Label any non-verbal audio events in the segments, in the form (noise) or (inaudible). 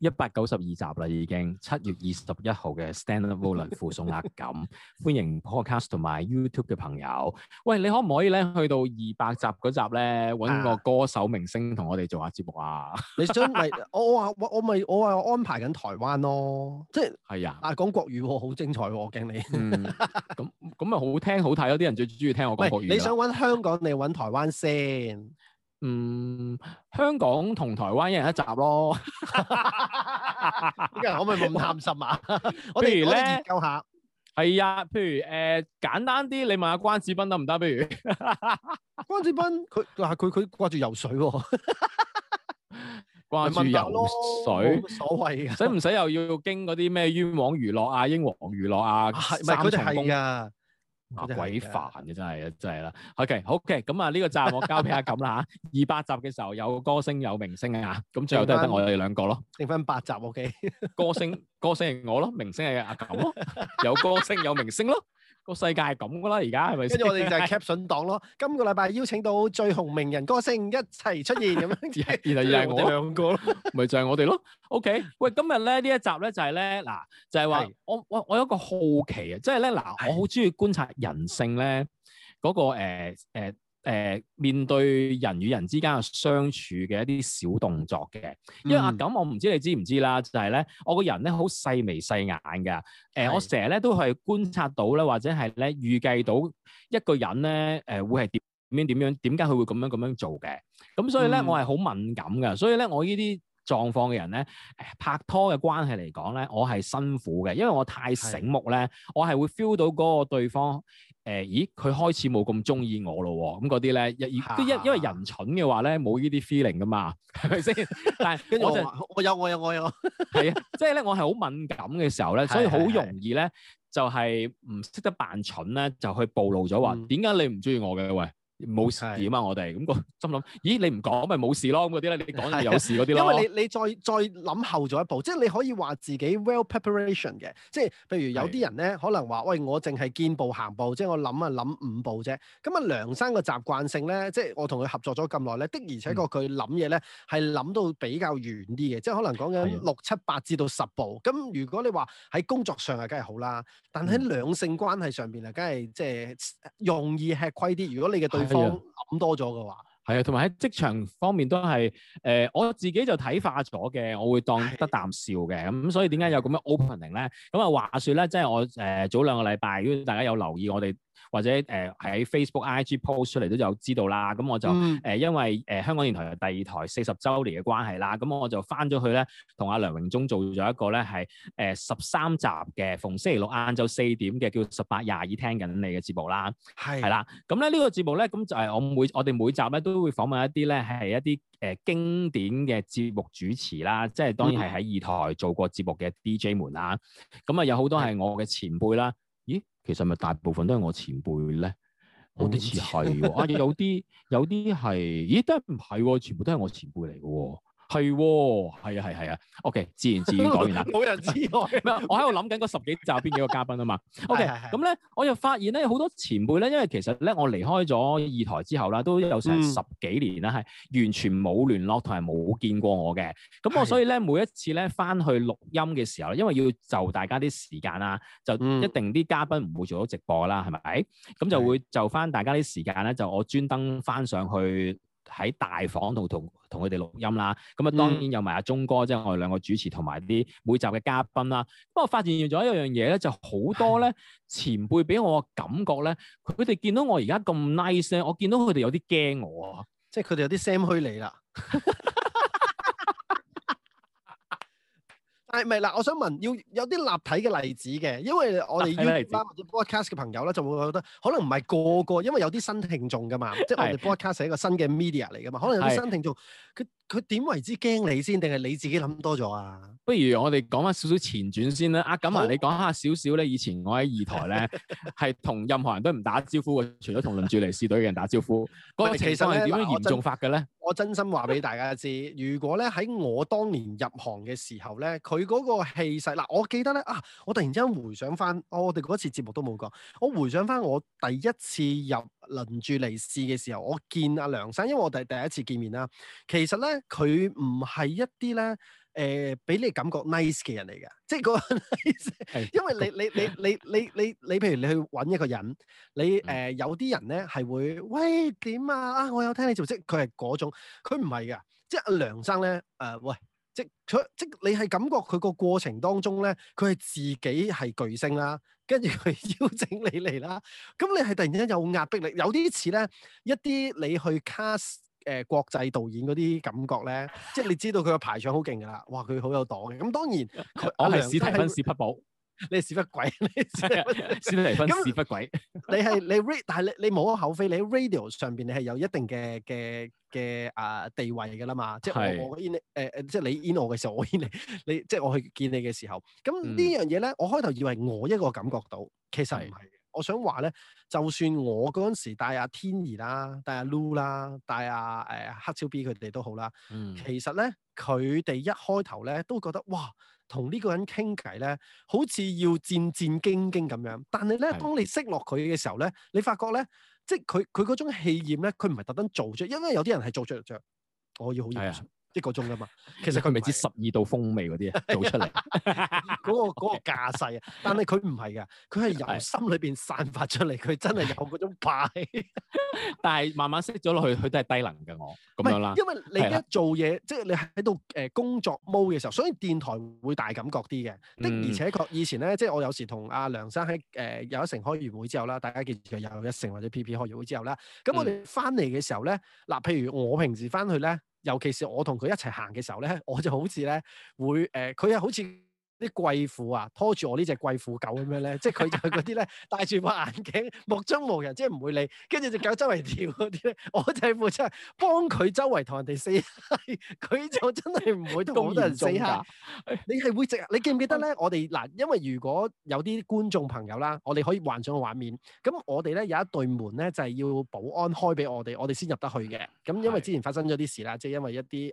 一百九十二集啦，已經七月二十一號嘅 Standard v o l e 附送壓感， (laughs) 歡迎 Podcast 同埋 YouTube 嘅朋友。喂，你可唔可以咧去到二百集嗰集咧揾個歌手明星同我哋做下節目啊？啊 (laughs) 你想咪我我我咪我話安排緊台灣咯，即係係啊，講、啊、國語喎，好精彩喎，我驚你。咁咁咪好聽好睇，有啲人最中意聽我講國語。你想揾香港，你揾台灣先？嗯，香港同台灣一人一集咯。今日可唔可以咁貪心啊？如呢我哋可以研究下。係啊，譬如、誒、呃、簡單啲，你問下關子斌得唔得？比 (laughs) 如關子斌，佢係佢佢掛住游水，掛住游水。冇所謂，使唔使又要經嗰啲咩冤枉娛樂啊、英皇娛樂啊、三重峰啊？真啊！鬼煩嘅，真係啊，真係啦。OK，好 k 咁啊，呢個集我交俾阿錦啦吓。二百、 (laughs) 啊、集嘅時候有歌星有明星啊，咁、啊、最後都係得我哋兩個咯。剩翻八集 OK (laughs) 歌。歌星歌星係我咯，明星係阿錦咯，有歌星有明星咯。 (laughs) 個世界係咁噶啦，而家係咪先？跟住我哋就係 caption 黨咯。是今個禮拜邀請到最紅名人歌星一齊出現咁樣，而係而係我哋兩個咯，咪 (laughs) 就係我哋咯。OK，喂，今日咧呢一集咧就係咧嗱，就係、是、話、就是、是我我我有一個好奇啊，即係咧嗱，我好中意觀察人性咧，嗰、那個誒誒。呃呃誒、呃、面對人與人之間嘅相處嘅一啲小動作嘅，因為阿、啊、錦、嗯啊、我唔知你知唔知啦，就係、是、咧我個人咧好細眉細眼嘅，誒、呃、是我成日咧都係觀察到咧，或者係咧預計到一個人咧誒、呃、會係點樣點樣，點解佢會咁樣咁樣做嘅，咁所以咧、嗯、我係好敏感嘅，所以咧我呢啲狀況嘅人咧，拍拖嘅關係嚟講咧，我係辛苦嘅，因為我太醒目咧，的我係會 feel 到嗰個對方，誒、呃，咦，佢開始冇咁中意我咯喎、哦，咁嗰啲咧，都因因為人蠢嘅話咧，冇呢啲 feeling 噶嘛，係咪先？ (laughs) 但係跟住我就 (laughs) 我有我有我有，係 (laughs) 啊，即係咧，我係好敏感嘅時候咧，的所以好容易咧，的就係唔識得扮蠢咧，就去暴露咗話，點解、嗯、你唔中意我嘅喂？冇事啊嘛。是的 我，我哋咁個心諗，咦？你唔講咪冇事咯嗰啲咧，你講就有事嗰啲咯。因為你你再再諗後咗一步，即係你可以話自己 well preparation 嘅，即係譬如有啲人咧，是的 可能話喂，我淨係見步行步，即係我諗啊諗五步啫。咁啊，梁生個習慣性咧，即係我同佢合作咗咁耐咧，的而且確佢諗嘢咧係諗到比較遠啲嘅，嗯、即係可能講緊六七八至到十步。咁是的 如果你話喺工作上啊，梗係好啦，但喺兩性關係上邊啊，梗係即係容易吃虧啲。如果你嘅對的諗多咗嘅話，係啊，同埋喺職場方面都係，誒、呃、我自己就睇化咗嘅，我會當得啖笑嘅，咁咁所以點解有咁嘅 opening 咧？咁啊話説咧，即係我誒、呃、早兩個禮拜，如果大家有留意我哋。或者誒喺 Facebook、呃、book, IG post 出嚟都有知道啦，咁我就誒、嗯呃、因為誒、呃、香港電台第二台四十週年嘅關係啦，咁我就翻咗去咧，同阿梁榮忠做咗一個咧係誒十三集嘅，逢星期六晏晝四點嘅叫十八廿二聽緊你嘅節目啦，係是啦，咁咧呢、這個節目咧咁就係我每我哋每集咧都會訪問一啲咧係一啲誒、呃、經典嘅節目主持啦，即係當然係喺二台做過節目嘅 DJ 們啦，咁啊、嗯、有好多係我嘅前輩啦。其實咪大部分都係我前輩咧，我、喔 (laughs) 啊、都似係，啊有啲有啲係咦都唔係，全部都係我前輩嚟嘅。係喎，係啊，係啊，係啊。OK，自言自語講完啦，冇 (laughs) 人知喎。 (laughs) 我喺度諗緊嗰十幾集邊幾個嘉賓啊嘛。OK，咁咧，我又發現咧好多前輩咧，因為其實咧我離開咗二台之後啦，都有成十幾年啦，係、嗯、完全冇聯絡同埋冇見過我嘅。咁我所以咧的每一次咧翻去錄音嘅時候，因為要就大家啲時間啦，就一定啲嘉賓唔會做到直播啦，係咪？咁就會就翻大家啲時間咧，就我專登翻上去。喺大房度同同佢哋錄音啦，咁啊當然有埋阿鐘哥，即係、嗯、我哋兩個主持同埋啲每集嘅嘉賓啦。咁我發現咗一樣嘢咧，就好、是、多咧前輩俾我嘅感覺咧，佢哋見到我而家咁 nice 咧，我見到佢哋有啲驚我啊，即係佢哋有啲 sam 虛擬啦。 (laughs) 係咪嗱？我想問要有啲立體嘅例子嘅，因為我哋要嚟 YouTube 或者 Podcast 嘅朋友咧，就會覺得可能唔係個個，因為有啲新聽眾噶嘛。 (laughs) 即係我哋 Podcast 係一個新嘅 media 嚟噶嘛，可能有啲新聽眾，佢佢點為之驚你先？定係你自己諗多咗啊？不如我哋講翻少少前傳先啦。咁啊，你講下少少咧，以前我喺二台咧，係同 (laughs) 任何人都唔打招呼嘅，除咗同鄰住嚟試隊嘅人打招呼。嗰 (laughs) 個情況係點樣嚴重法嘅咧？我真心話俾大家知，如果咧喺我當年入行嘅時候咧，佢。佢嗰個氣勢嗱，我記得咧啊，我突然之間回想翻、啊，我哋嗰次節目都冇講，我回想翻我第一次入輪住嚟試嘅時候，我見阿梁生，因為我第第一次見面啦。其實咧，佢唔係一啲咧，誒、呃，俾你感覺 nice 嘅人嚟嘅，即係個 nice， (laughs) 因為你你你你你你你，你，譬如你去揾一個人，你誒、呃嗯、有啲人咧係會喂點啊，我有聽你做織，佢係嗰種，佢唔係嘅，即係阿梁生咧，誒、呃、喂。即係，即你係感覺佢個過程當中咧，佢係自己係巨星啦，跟住佢邀請你嚟啦，咁你係突然間有壓迫力，有啲似咧一啲你去 cast 誒、呃、國際導演嗰啲感覺咧，即係你知道佢個排場好勁㗎啦，哇，佢好有檔嘅，咁當然佢 (laughs) 我係史提芬史匹堡。啊 (laughs) (laughs) 你屎忽鬼，你的 (laughs) 先離婚屎忽鬼。你係 ra 你 radio，但係你你無可厚非，你喺 radio 上邊你係有一定嘅嘅嘅啊地位噶啦嘛。的即係我我 in 誒、呃、誒，即係你 in 我嘅時候，我 in 你。你即係我去見你嘅時候，咁呢樣嘢咧，嗯、我開頭以為我一個感覺到，其實唔係。我想話咧，就算我嗰陣時帶阿、啊、天怡啦，帶阿、啊、Loo 啦，帶阿、啊、誒、哎、黑超 B 佢哋都好啦。嗯、其實咧，佢哋一開頭咧都覺得哇，同呢個人傾偈咧，好似要戰戰兢兢咁樣。但係咧，當你識落佢嘅時候咧，是的 你發覺咧，即係佢佢嗰種氣焰咧，佢唔係特登做著，因為有啲人係做着着。我要好嚴。一個鐘㗎嘛，其實佢未知十二度風味嗰啲啊，做出嚟嗰個、 (laughs) (laughs) 那個那個架勢啊，但係佢唔係噶，佢係由心裏邊散發出嚟，佢真係有嗰種霸氣。 (laughs) 但係慢慢識咗落去，佢都係低能嘅我咁啦。因為你一做嘢，即係你喺度誒工作踎嘅的時候，所以電台會大感覺啲嘅。的而且確，以前咧，即係我有時同阿梁生喺誒、呃、有一成開完會之後啦，大家見佢有一成或者 PP 開完會之後啦，咁我哋翻嚟嘅時候咧，嗱，譬如我平時翻去咧。尤其是我同佢一齊行嘅時候咧，我就好似咧會誒佢又好似。啲貴婦啊，拖住我呢隻貴婦狗咁樣咧， (laughs) 即係佢就係嗰啲咧，戴住副眼鏡，目中無人，即係唔會理會，跟住隻狗周圍跳嗰啲咧，我就係負責幫佢周圍同人哋 say hi。佢就真係唔會咁多人 say hi。a (laughs) 你係會直，你記唔記得咧？我哋嗱，因為如果有啲觀眾朋友啦，我哋可以幻想個畫面。咁我哋咧有一對門咧，就係要保安開俾我哋，我哋先入得去嘅。咁因為之前發生咗啲事啦，即係因為一啲誒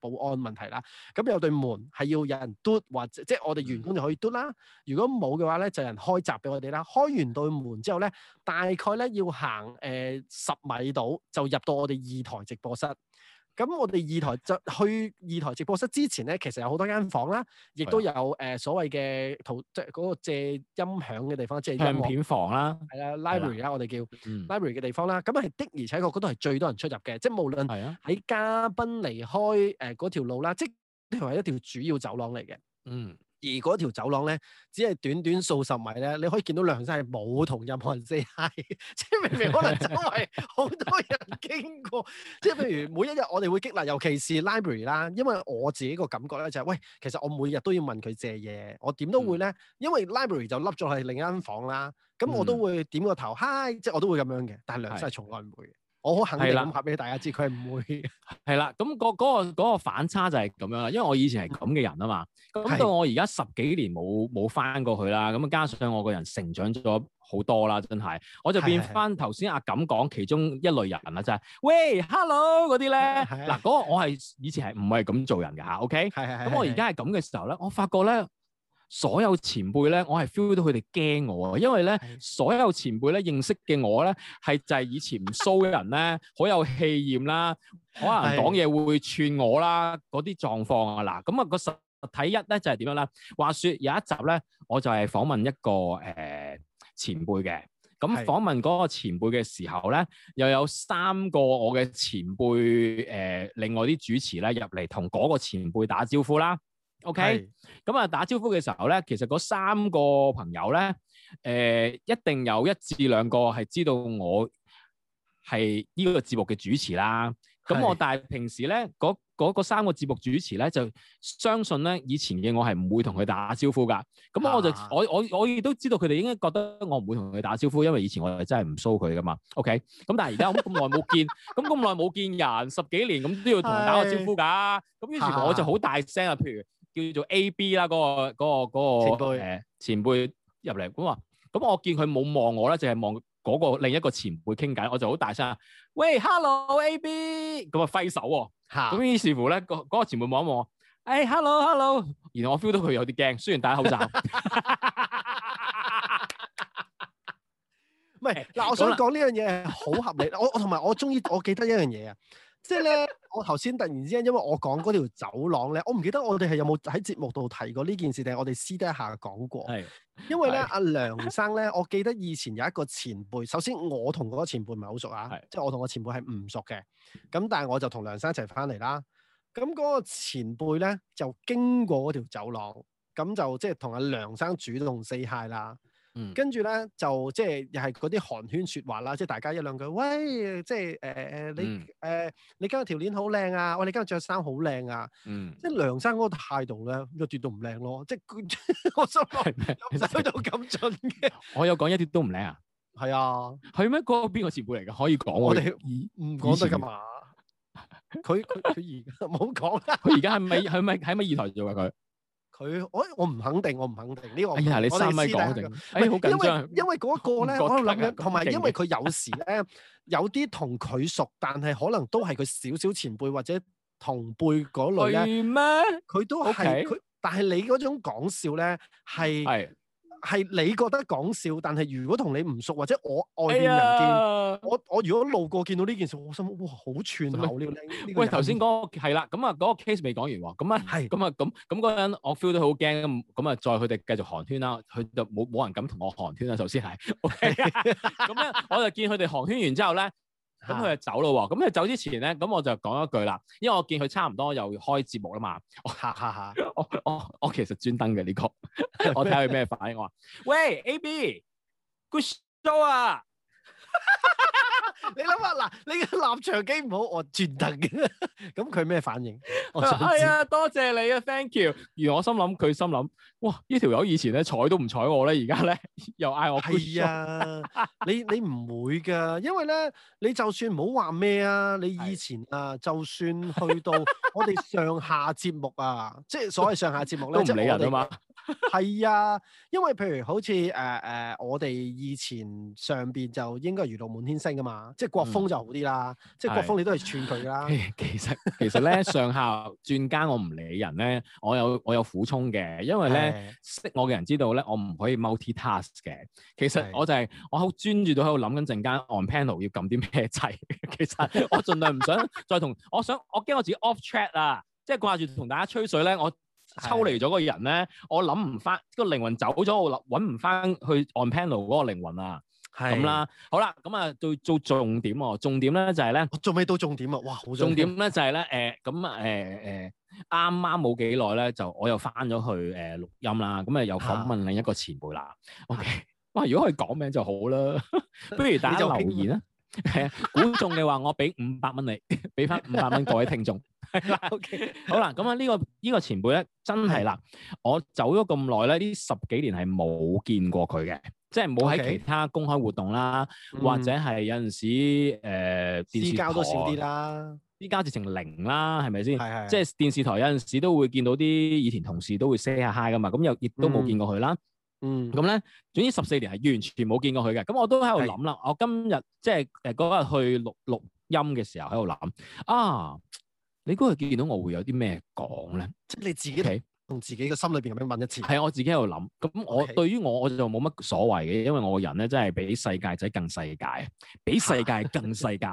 保保安問題啦，咁有對門係要有人嘟，或者即係。我哋員工就可以嘟啦。如果冇嘅話咧，就有人開閘俾我哋啦。開完對門之後咧，大概咧要行誒十米度就入到我哋二台直播室。咁我哋二台就去二台直播室之前咧，其實有好多間房啦，亦都有誒、呃、所謂嘅圖即係嗰個借音響嘅地方，借唱片，片房啦、啊，係啊，library 啦，ary, 啊、我哋叫、啊、library 嘅地方啦。咁係的而且確嗰度係最多人出入嘅，即係無論喺嘉賓離開誒嗰條路啦，啊、即呢條係一條主要走廊嚟嘅。嗯。而嗰條走廊咧，只係短短數十米咧，你可以見到梁生係冇同任何人 say hi， (laughs) 即係明明可能周圍好多人經過， (laughs) 即係譬如每一日我哋會激勵，尤其是 library 啦，因為我自己個感覺咧就係、是，喂，其實我每日都要問佢借嘢，我點都會咧，嗯、因為 library 就笠咗喺另一間房啦，咁我都會點個頭 hi，嗯、即係我都會咁樣嘅，但係梁生係從來唔會。我好肯定諗下俾大家知，佢唔的會係啦。咁嗰嗰個反差就係咁樣啦，因為我以前係咁嘅人啊嘛。咁的到我而家十幾年冇冇翻過去啦。咁加上我個人成長咗好多啦，真係，我就變翻頭先阿錦講其中一類人啦，就係喂，hello 嗰啲咧。嗱的，嗰個我係以前係唔係咁做人嘅嚇，OK？咁的我而家係咁嘅時候咧，我發覺咧。所有前輩咧，我係 feel 到佢哋驚我啊！因為咧，是的 所有前輩咧，認識嘅我咧，係就係以前唔粗唔騷嘅人咧，好 (laughs) 有氣焰啦，可能講嘢會串我啦，嗰啲狀況啊！嗱，咁啊個實體一咧就係、是、點樣咧？話説有一集咧，我就係訪問一個誒、呃、前輩嘅，咁訪問嗰個前輩嘅時候咧，是的 又有三個我嘅前輩誒、呃，另外啲主持咧入嚟同嗰個前輩打招呼啦。O K，咁啊打招呼嘅時候咧，其實嗰三個朋友咧，誒、呃、一定有一至兩個係知道我係呢個節目嘅主持啦。咁是、嗯、我但係平時咧，嗰三個節目主持咧，就相信咧以前嘅我係唔會同佢打招呼㗎。咁、嗯啊、我就我我我亦都知道佢哋應該覺得我唔會同佢打招呼，因為以前我係真係唔瞅佢㗎嘛。O K，咁但係而家咁咁耐冇見，咁咁耐冇見人十幾年，咁、嗯、都要同打個招呼㗎。咁於是我就好大聲啊，譬如。叫做 A B 啦，嗰、那個嗰、那個、那個、前輩入嚟咁啊，咁、欸、我見佢冇望我咧，淨係望嗰個另一個前輩傾偈，我就好大聲 hello, AB, 啊，喂，hello A B，咁啊揮手喎，咁於是乎咧，個、那、嗰個前輩望一望我、欸、hello hello，然後我 feel 到佢有啲驚，雖然戴口罩。唔係，嗱，我想講呢樣嘢係好合理， (laughs) 我我同埋我中意，我記得一樣嘢啊。即係咧，我頭先突然之間，因為我講嗰條走廊咧，我唔記得我哋係有冇喺節目度提過呢件事，定係我哋私底下講過？係 (laughs) 因為咧，阿、 (laughs) 啊、梁生咧，我記得以前有一個前輩。首先，我同嗰個前輩唔係好熟啊， (laughs) 即係我同我前輩係唔熟嘅。咁但係我就同梁生一齊翻嚟啦。咁嗰個前輩咧就經過嗰條走廊，咁就即係同阿梁生主動 say hi 啦。嗯、跟住咧就即係又係嗰啲寒暄説話啦，即、就、係、是、大家一兩句，喂，即係誒誒你誒你今日條鏈好靚啊，喂、呃呃嗯呃，你今日着衫好靚啊，呃啊嗯、即係梁生嗰個態度咧，又絕對唔靚咯，即係 (laughs) 我心諗點解咁盡嘅？嗎 (laughs) 我有講一啲都唔靚啊？係啊，係咩？嗰個邊個節目嚟嘅？可以講我哋唔講得㗎嘛？佢佢而家冇講啦。佢而家係咪佢咪喺咪二台做㗎佢？佢我我唔肯定，我唔肯定呢、這個。哎呀，我你三米講定，哎，好緊張，因為因為嗰個咧，我諗同埋，因為佢有時咧， (laughs) 有啲同佢熟，但係可能都係佢少少前輩或者同輩嗰類咩？佢嗎都係佢 Okay.，但係你嗰種講笑咧係。係你覺得講笑，但係如果同你唔熟，或者我外啲人見，哎、呀我我如果路過見到呢件事，我心諗哇好串口呢個。喂，頭先嗰個係啦，咁啊嗰個 case 未講完喎，咁啊係，咁啊咁咁嗰陣我 feel 到好驚咁，咁啊再佢哋繼續寒暄啦，佢就冇冇人敢同我寒暄啦，首先係，OK，咁咧是 (laughs) (laughs) 我就見佢哋寒暄完之後咧，咁佢就走咯喎，咁佢走之前咧，咁我就講一句啦，因為我見佢差唔多又開節目啦嘛，我下下下，我我我其實專登嘅呢個。我睇下佢咩反應，我話：喂，A B，Good Show 啊！你諗下嗱，你嘅立場幾唔好，我轉得嘅。咁佢咩反應？係啊、哎，多謝你啊，thank you。而我心諗，佢心諗，哇，呢條友以前咧睬都唔睬我咧，而家咧又嗌我。係啊，呵呵呵你你唔會噶，因為咧，你就算唔好話咩啊，你以前啊，就算去到我哋上下節目啊， (laughs) 即係所謂上下節目咧，都唔理人啊了嘛。係啊，因為譬如好似誒誒，uh, uh, 我哋以前上邊就應該娛樂滿天星噶嘛。即係國風就好啲啦，嗯、即係國風你都係串佢㗎啦。其實其實咧上下轉間我唔理人咧，我有我有苦衷嘅，因為咧的識我嘅人知道咧我唔可以 multi task 嘅。其實我就係、係、我好專注到喺度諗緊陣間 on panel 要撳啲咩掣。其實我盡量唔想再同， (laughs) 我想我驚我自己 off track 啊，即係掛住同大家吹水咧，我抽離咗個人咧，我諗唔翻個靈魂走咗我啦，揾唔翻去 on panel 嗰個靈魂啊。係咁啦，好啦，咁、嗯、啊，到到重點喎、哦，重點咧就係、是、咧，我仲未到重點啊，哇，好重要！重點咧就係、是、咧，誒、呃，咁、呃、啊，誒、呃、誒，啱啱冇幾耐咧，就我又翻咗去誒、呃、錄音啦，咁啊又訪問另一個前輩啦、啊，OK，哇，如果可以講名就好啦， (laughs) 不如大家，大家留言啦，係啊，估中嘅話，我俾五百蚊你，俾翻五百蚊各位聽眾，係 (laughs) 啦，OK，好啦，咁啊呢個呢、這個前輩咧真係啦，的 (laughs) 我走咗咁耐咧，呢十幾年係冇見過佢嘅。即係冇喺其他公開活動啦，嗯、或者係有陣時誒、呃、電視交多少啲啦，而家直情零啦，係咪先？係係。即係電視台有陣時都會見到啲以前同事都會 say 下 hi 噶嘛，咁又亦都冇見過佢啦嗯。嗯。咁咧，總之十四年係完全冇見過佢嘅。咁我都喺度諗啦。是我今日即係誒嗰日去錄錄音嘅時候喺度諗啊，你嗰日見到我會有啲咩講咧？即係你自己。睇。」同自己嘅心裏邊咁樣問一次，係啊， (noise) 我自己喺度諗。咁我 Okay. 對於我我就冇乜所謂嘅，因為我個人咧真係比世界仔更世界，啊、 (laughs) 比世界更世界。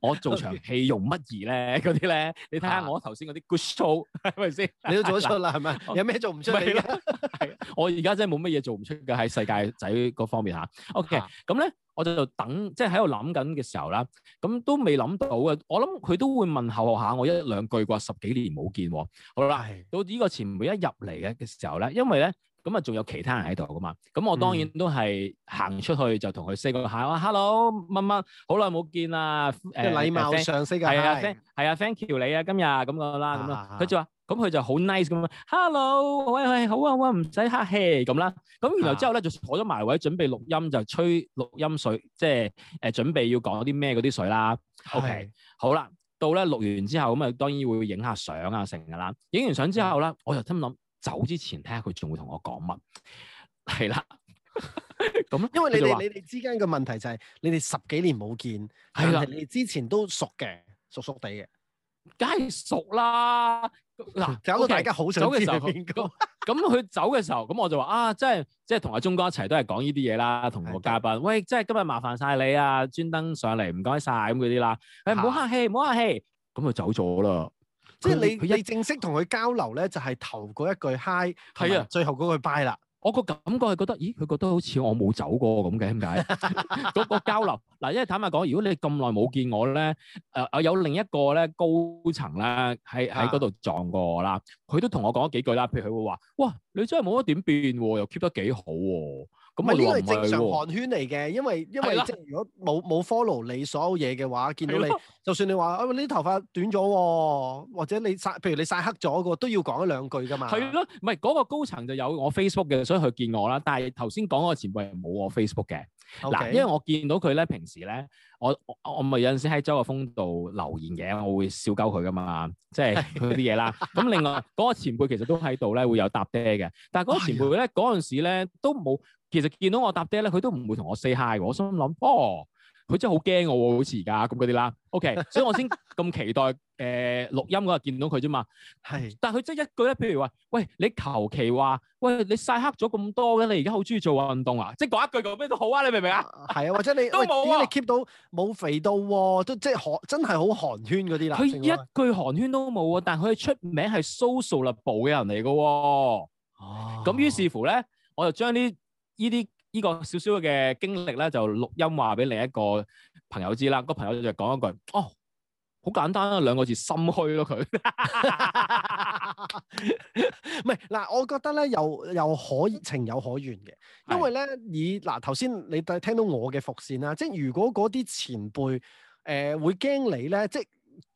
我做場戲用乜嘢咧？嗰啲咧，你睇下我頭先嗰啲 good show 係咪先？ (laughs) 你都做得出啦，係咪？有咩做唔出嚟？係，我而家真係冇乜嘢做唔出嘅喺世界仔嗰方面吓 OK，咁咧、啊。我就等，即係喺度諗緊嘅時候啦，咁都未諗到嘅。我諗佢都會問候下我一兩句啩，十幾年冇見喎。好啦，到呢個前輩一入嚟嘅嘅時候呢，因為呢。咁啊，仲有其他人喺度噶嘛？咁我當然都係行出去就同佢 say 個下，話 hello，乜乜，好耐冇見啦。即係禮貌上識㗎，係啊，係啊，thank you 你啊，今日咁個啦，咁啊，佢就話，咁佢就好 nice 咁啊，hello，喂喂，好啊，好啊，唔使客氣咁啦。咁然後之後咧就坐咗埋位，準備錄音，就吹錄音水，即係誒準備要講啲咩嗰啲水啦。OK，好啦，到咧錄完之後咁啊，當然會影下相啊，成㗎啦。影完相之後咧，我又心諗。走之前聽下佢仲會同我講乜，係啦，咁 (laughs) 樣。因為你哋你哋之間嘅問題就係，是，你哋十幾年冇見，係啦的，人你哋之前都熟嘅，熟熟地嘅，梗係熟啦。嗱，啊，搞到大家好想嘅 (laughs) 時候，咁佢，嗯，走嘅時候，咁，嗯，我就話啊，即係即係同阿鐘哥一齊都係講呢啲嘢啦，同個嘉賓，的喂，即係今日麻煩晒你啊，專登上嚟，唔該晒，咁嗰啲啦。誒，唔好客氣，唔好客氣。咁就走咗啦。 (laughs) (laughs) 即係你，你正式同佢交流咧，就係頭嗰一句 hi，係啊，最後嗰句 bye 啦。我個感覺係覺得，咦？佢覺得好似我冇走過咁嘅，點解？嗰個交流嗱，因為坦白講，如果你咁耐冇見我咧，誒，我有另一個咧高層咧，喺喺嗰度撞過我啦。佢都同我講咗幾句啦，譬如佢會話：哇，你真係冇乜點變喎，又 keep 得幾好喎。唔係，呢個係正常韓圈嚟嘅。因為因為即係如果冇冇 follow 你所有嘢嘅話，見到你就算你話啊，你啲頭髮短咗喎，或者你曬譬如你曬黑咗嘅喎，都要講一兩句㗎嘛。係咯，唔係嗰個高層就有我 Facebook 嘅，所以佢見我啦。但係頭先講嗰個前輩冇我 Facebook 嘅，嗱，因為我見到佢咧，平時咧，我我我咪有陣時喺周國峯度留言嘅，我會笑鳩佢㗎嘛，即係嗰啲嘢啦。咁另外嗰個前輩其實都喺度咧，會有答爹嘅，但係嗰個前輩咧嗰陣時咧都冇。其實見到我搭爹咧，佢都唔會同我 say hi。我心諗哦，佢真係好驚我喎，好似而家咁嗰啲啦。OK，所以我先咁期待誒，錄、 (laughs) 呃、音嗰日見到佢啫嘛。係是，但係佢即係一句咧，譬如話喂，你求其話喂，你曬黑咗咁多嘅，你而家好中意做運動啊？即係講一句講咩都好啊，你明唔明啊？係啊，或者你 (laughs) 都冇、啊，你 keep 到冇肥到、啊，都即係寒，真係好寒暄嗰啲啦。佢一句寒暄都冇啊，但係佢出名係 social 立暴嘅人嚟㗎、啊。哦、啊，咁於、啊、是乎咧，我就將啲。呢啲呢個少少嘅經歷咧，就錄音話俾另一個朋友知啦。個朋友就講一句：哦，好簡單啊，兩個字心虛咯佢。唔係嗱，我覺得咧又又可情有可原嘅，因為咧的以嗱頭先你聽聽到我嘅伏線啦、啊，即係如果嗰啲前輩誒、呃、會驚你咧，即係。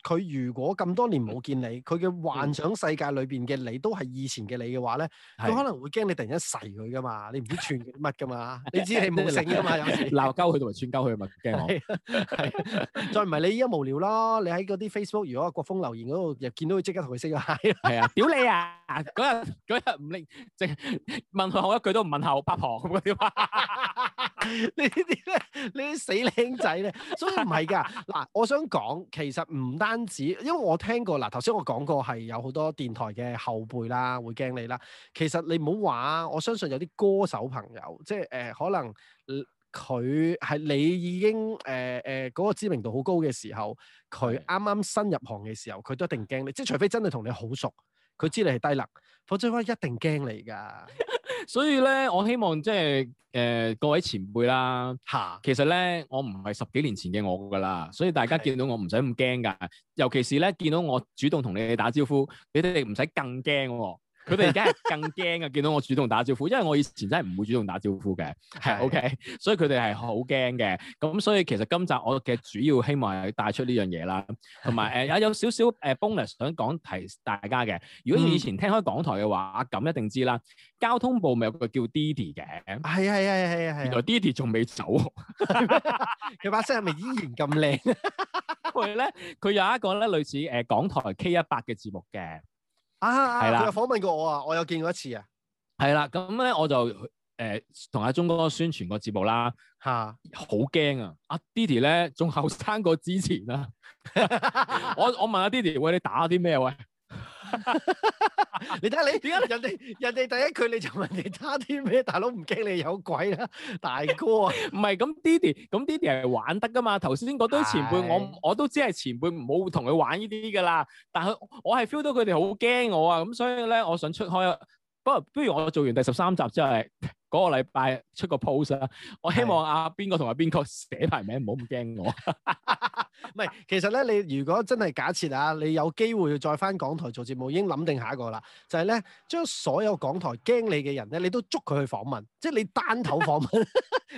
佢如果咁多年冇見你，佢嘅幻想世界裏邊嘅你都係以前嘅你嘅話咧，佢的可能會驚你突然一噬佢㗎嘛，你唔知串乜㗎嘛， (laughs) 你知你冇性㗎嘛， (laughs) 有時鬧交佢同埋串鳩佢啊嘛，驚我的。 (laughs) 再唔係你依家無聊咯，你喺嗰啲 Facebook 如果國風留言嗰度又見到，佢，即刻同佢識咗閪。係啊，屌你啊！嗰日日唔你，即問佢我一句都唔問候八婆咁 (laughs) 你啲咧，呢啲死靚仔咧， (laughs) 所以唔係噶嗱，我想講，其實唔單止，因為我聽過嗱，頭先我講過係有好多電台嘅後輩啦，會驚你啦。其實你唔好話，我相信有啲歌手朋友，即係誒、呃，可能佢係你已經誒誒嗰個知名度好高嘅時候，佢啱啱新入行嘅時候，佢都一定驚你，即係除非真係同你好熟，佢知你係低能，否則話一定驚你噶。 (laughs) 所以咧，我希望即係誒各位前輩啦吓，哈 其實咧我唔係十幾年前嘅我噶啦，所以大家見到我唔使咁驚噶，是的 尤其是咧見到我主動同你哋打招呼，你哋唔使更驚喎、哦。佢哋而家係更驚嘅，見到我主動打招呼，因為我以前真係唔會主動打招呼嘅，係的 OK，所以佢哋係好驚嘅。咁所以其實今集我嘅主要希望係帶出呢樣嘢啦，同埋誒有、呃、有少少誒 bonus 想講提大家嘅。如果你以前聽開港台嘅話，咁、嗯、一定知啦。交通部咪有個叫 Didi 嘅，係啊係啊係啊係啊，原來 Didi 仲未走，佢 (laughs) 把 (laughs) 聲係咪依然咁靚？佢咧佢有一個咧類似誒港台 K 一百嘅節目嘅。啊，係啦的，佢有訪問過我啊，我有見過一次啊。係啦，咁咧我就誒同阿鍾哥宣傳個節目啦，吓的，好驚啊！阿 Diddy 咧仲後生過之前啊。 (laughs) (laughs) 我我問阿 Diddy，喂，你打啲咩喂？ (laughs) 你睇下你點解人哋家 (laughs) 人哋第一句你就問你打啲咩？大佬唔驚你有鬼啦，大哥啊！唔係咁 Diddy，咁 Diddy 係玩得噶嘛。頭先嗰堆前輩我唉我，我都知係前輩唔好同佢玩呢啲噶啦，但係我係 feel 到佢哋好驚我啊。咁所以咧，我想出開，不如不如我做完第十三集之後。 (laughs) 嗰個禮拜出個 post 啦，我希望阿邊個同阿邊個寫埋名，唔好咁驚我。唔係，其實咧，你如果真係假設啊，你有機會再翻港台做節目，已經諗定下一個啦，就係、是、咧將所有港台驚你嘅人咧，你都捉佢去訪問，即係你單頭訪問，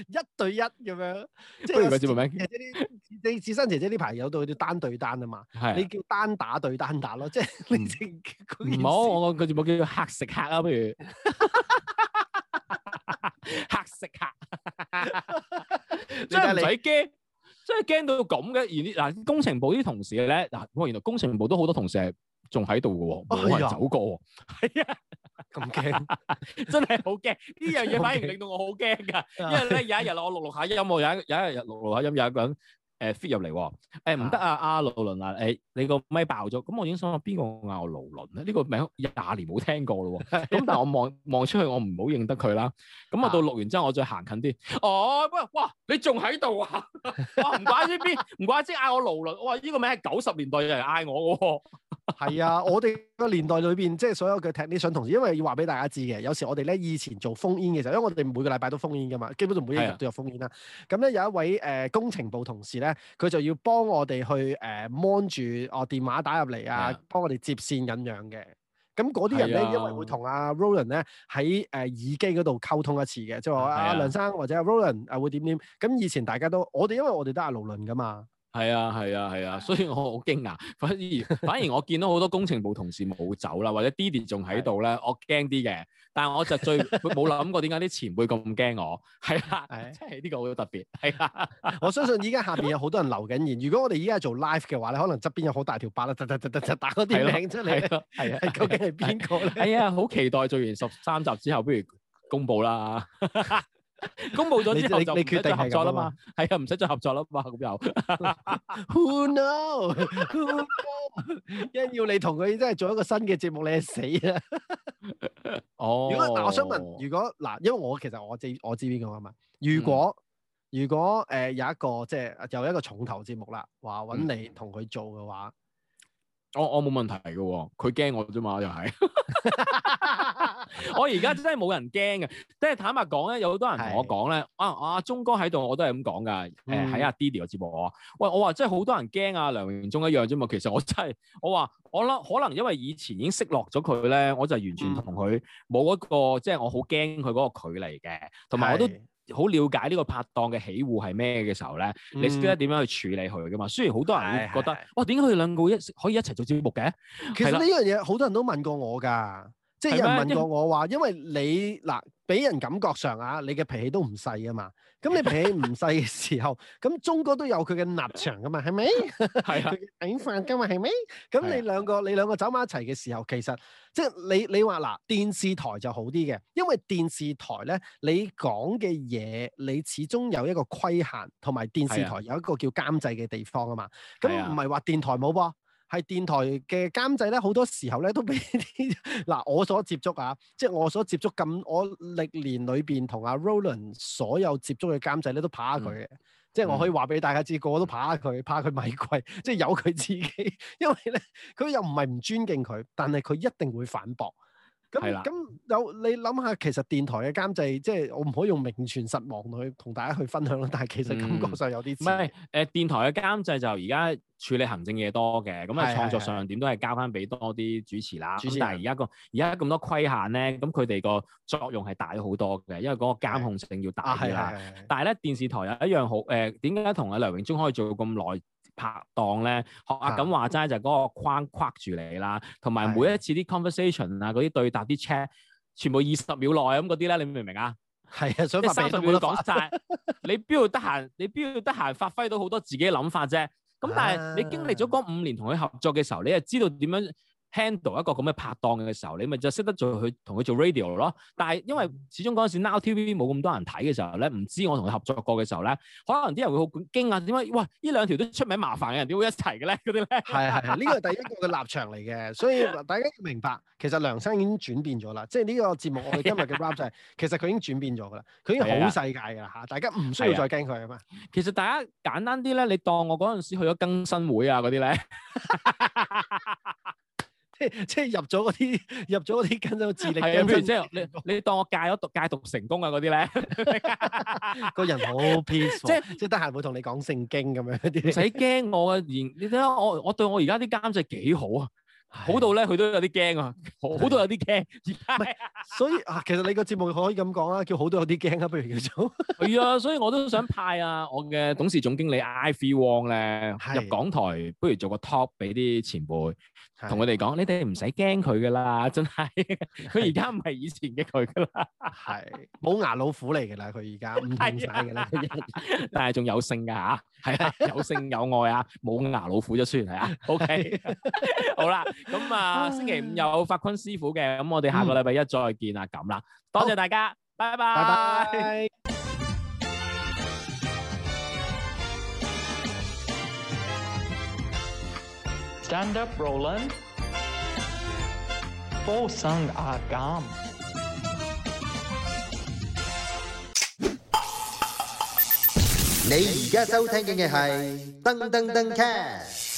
(laughs) 一對一咁樣。即不如改節目名。姊姊你志新姐姐呢排有到叫單對單啊嘛？係。 (laughs) 你叫單打對單打咯，即係 (laughs) (laughs) 。唔好，我個節目叫黑食客啊，不如。 (laughs) 吓食吓，真係唔使驚，真係驚到咁嘅。而啲嗱工程部呢啲同事咧，嗱，我原來工程部都好多同事係仲喺度嘅，冇人走過。係啊，咁驚，真係好驚。呢樣嘢反而令到我好驚噶，因為咧有一日我錄錄下音，我有一有一日錄錄下音，有一日咁。誒、uh, fit 入嚟，誒唔得啊阿勞倫啊，誒、啊啊哎、你個麥爆咗，咁我已經想話邊個嗌我勞倫咧？呢、這個名廿年冇聽過咯，咁 (laughs) 但係我望望出去，我唔好認得佢啦。咁啊到錄完之後，我再行近啲，哦喂！哇。你仲喺度啊？我唔怪呢邊，唔怪即嗌我勞碌。我話呢個名係九十年代人嗌我喎。係啊，我哋個年代裏邊，即係所有嘅 technician 同事，因為要話俾大家知嘅。有時我哋咧以前做封煙嘅時候，因為我哋每個禮拜都封煙噶嘛，基本上每一日都有封煙啦。咁咧有一位誒工程部同事咧，佢就要幫我哋去誒 mon 住哦電話打入嚟啊，幫我哋接線咁樣嘅。咁嗰啲人咧，啊、因為會同阿 Roland 咧喺誒、呃、耳機嗰度溝通一次嘅，即係話阿梁生或者阿 Roland 啊會點點。咁以前大家都我哋，因為我哋都係阿勞倫噶嘛。係啊係啊係啊，所以我好驚啊！反而反而我見到好多工程部同事冇走啦，或者 d i 仲喺度咧，我驚啲嘅。但係我就最冇諗過點解啲前輩咁驚我。係啦，係，即係呢個好特別。係啊，我相信依家下邊有好多人留緊言。如果我哋依家做 live 嘅話咧，可能側邊有好大條白啦，突突突突就打開啲名出嚟。係啊，係啊，究竟係邊個咧？係啊，好期待做完十三集之後，不如公佈啦。公布咗之後你,你決定合作啦嘛，係啊，唔使再合作啦嘛，咁又。Who knows? Who knows? 一 (laughs) (laughs) 要你同佢即係做一個新嘅節目，你係死啦！哦。 (laughs) Oh. 如果嗱、呃，我想問，如果嗱，因為我其實我知我知邊個啊嘛，如果、嗯、如果誒、呃、有一個即係又一個重頭節目啦，話搵你同佢做嘅話。嗯我我冇問題嘅、哦，佢驚我啫嘛，又係。我而家 (laughs) (laughs) 真係冇人驚嘅，即係坦白講咧，有好多人同我講咧，啊阿鐘哥喺度，我都係咁講噶。誒喺、嗯呃、阿 Diddy 個節目啊，喂我話真係好多人驚啊，梁榮忠一樣啫嘛。其實我真、就、係、是、我話我諗，可能因為以前已經識落咗佢咧，我就完全同佢冇一個即係、就是、我好驚佢嗰個距離嘅，同埋我都、嗯。嗯好了解呢個拍檔嘅起戶係咩嘅時候咧，嗯、你先咧點樣去處理佢噶嘛？雖然好多人會覺得，哎、呀哇，點解佢哋兩個一可以一齊做節目嘅？其實呢樣嘢好多人都問過我㗎。即係有人問過我話，因為你嗱俾人感覺上啊，你嘅脾氣都唔細啊嘛。咁你脾氣唔細嘅時候，咁 (laughs) 中哥都有佢嘅立場㗎嘛，係咪？係啊，頂飯㗎嘛，係咪？咁你兩個 (laughs) 你兩個走埋一齊嘅時候，其實即係你你話嗱電視台就好啲嘅，因為電視台咧你講嘅嘢，你始終有一個規限，同埋電視台有一個叫監製嘅地方啊嘛。咁唔係話電台冇噃。係電台嘅監製咧，好多時候咧都俾嗱 (laughs) 我所接觸啊，即係我所接觸咁、啊，我歷年裏邊同阿 Roland 所有接觸嘅監製咧都怕佢嘅，嗯、即係我可以話俾大家知，個個、嗯、都怕佢，怕佢咪貴，即係有佢自己，因為咧佢又唔係唔尊敬佢，但係佢一定會反駁。咁咁有你諗下，其實電台嘅監製，即係我唔可以用名存實亡去同大家去分享咯。但係其實感覺上有啲唔係誒電台嘅監製就而家處理行政嘢多嘅，咁啊是的 創作上點都係交翻俾多啲主持啦。但係而家個而家咁多規限咧，咁佢哋個作用係大咗好多嘅，因為嗰個監控性要大啲啦。的啊、但係咧電視台有一樣好誒，點解同阿梁永忠可以做咁耐？拍檔咧學下咁話齋就嗰個框框住你啦，同埋每一次啲 conversation 啊，嗰啲的對答啲 chat 全部二十秒內咁嗰啲咧，你明唔明啊？係啊，想三十秒講晒。 (laughs) 你邊度得閒？你邊度得閒發揮到好多自己嘅諗法啫？咁但係你經歷咗嗰五年同佢合作嘅時候，你就知道點樣 handle 一個咁嘅拍檔嘅時候，你咪就識得做佢同佢做 radio 咯。但係因為始終嗰陣時 now TV 冇咁多人睇嘅時候咧，唔知我同佢合作過嘅時候咧，可能啲人會好驚訝！點解？哇！呢兩條都出名麻煩嘅人，點會一齊嘅咧？嗰啲咧？係係，呢個係第一個嘅立場嚟嘅，所以大家要明白，其實梁生已經轉變咗啦。即係呢個節目我哋今日嘅 rap 就係 (laughs) 其實佢已經轉變咗噶啦，佢已經好世界噶啦嚇， (laughs) 大家唔需要再驚佢啊嘛。其實大家簡單啲咧，你當我嗰陣時去咗更新會啊嗰啲咧。即係入咗嗰啲，入咗嗰啲緊張智力，譬如即係你你當我戒咗毒，戒毒成功啊！嗰啲咧，個人好 peaceful，即係即係得閒會同你講聖經咁樣啲。唔使驚我嘅，而你睇下我我對我而家啲監製幾好啊！好到咧，佢都有啲驚啊！好到有啲驚，而家，所以啊，其實你個節目可以咁講啦，叫好到有啲驚啊，不如叫做係啊，所以我都想派啊，我嘅董事總經理 Ife Wong 咧入港台，不如做個 top 俾啲前輩，同佢哋講，你哋唔使驚佢噶啦，真係，佢而家唔係以前嘅佢噶啦，係冇牙老虎嚟嘅啦，佢而家唔同晒嘅啦，但係仲有性㗎吓，係啊，有性有愛啊，冇牙老虎就算係啊，OK，好啦。咁啊，星期五有法坤師傅嘅，咁我哋下個禮拜一再見啊，咁啦，多謝大家，拜拜。Stand up, Roland. For some 阿 Gam。你而家收聽緊嘅係噔噔噔 Cast。